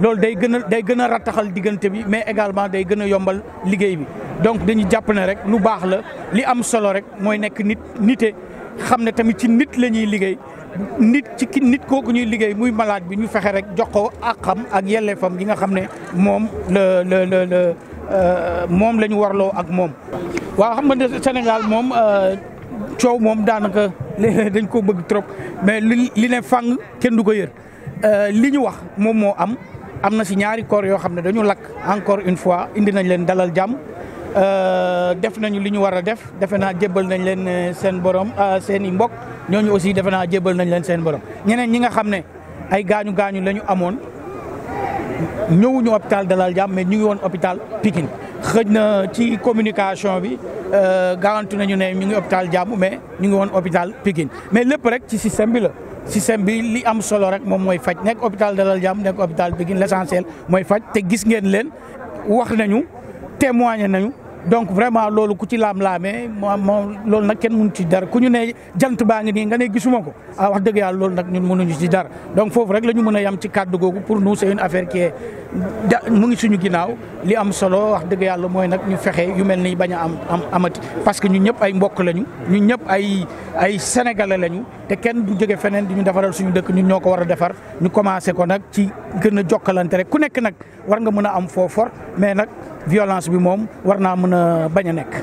loolu day gën a day gën a rattaxal diggante bi mais également day gën a yombal liggéey bi donc dañu jàpp ne rek lu baax la li am solo rek mooy nekk nit nite xam ne tamit ci nit la ñuy liggéey nit ci ki nit kooku ñuy liggéey muy malade bi ñu fexe rek jox ko ak xam ak yelleefam gi nga xam ne moom la la la euh, moom la ñu warloo ak moom. waa xam nga Sénégal moom euh, coow moom daanaka léeg dañ koo bëgg trop mais li li ne fang kenn du ko yër euh, li ñu wax moom moo am. am na si ñaari corps yoo xam ne dañu lakk encore une fois indi nañ leen dalal jàmm euh, def nañu li ñu war a def defe naa jébbal nañ leen euh, seen borom euh, seen i mbokk ñooñu aussi defe naa jébbal nañ leen seen borom ñeneen ñi nga xam ne ay gaañu gaañu la amoon ñëwuñu hôpital dalal jàmm mais ñu ngi woon hôpital pikin xëj na ci communication bi garantu nañu ne ñu ngi hôpital jàmm mais ñu ngi woon hôpital Pikine mais lépp rek ci système bi la. système bi li am solo rek moom mooy faj nekk hôpital Dalal Jàmm nekk hôpital Pikine l'essentiel mooy faj te gis ngeen leen wax nañu témoigné nañu. donc vraiment loolu ci laam-laamee moom moom loolu nag kenn mënu ci dara ku ñu ne jant baa ngi nii nga ne gisuma ko ah wax dëgg loolu nag ñun mënuñu si dara donc foofu rek lañu ñu mën a yam ci kàddu googu pour nous c'est une affaire qui mu ngi suñu ginnaaw li am solo wax dëgg yàlla mooy nag ñu fexe yu mel ni bañ a am am amati parce que ñu ñëpp ay mbokk lañu ñu ñëpp ay ay sénégalais lañu te kenn jóge feneen di ñu defaral suñu dëkk ñun ñoo ko war a defar ñu commencé ko nag ci gën a rek ku nekk nag war nga mën a am foofor mais nag violence bi moom war naa mën a bañ a nekk.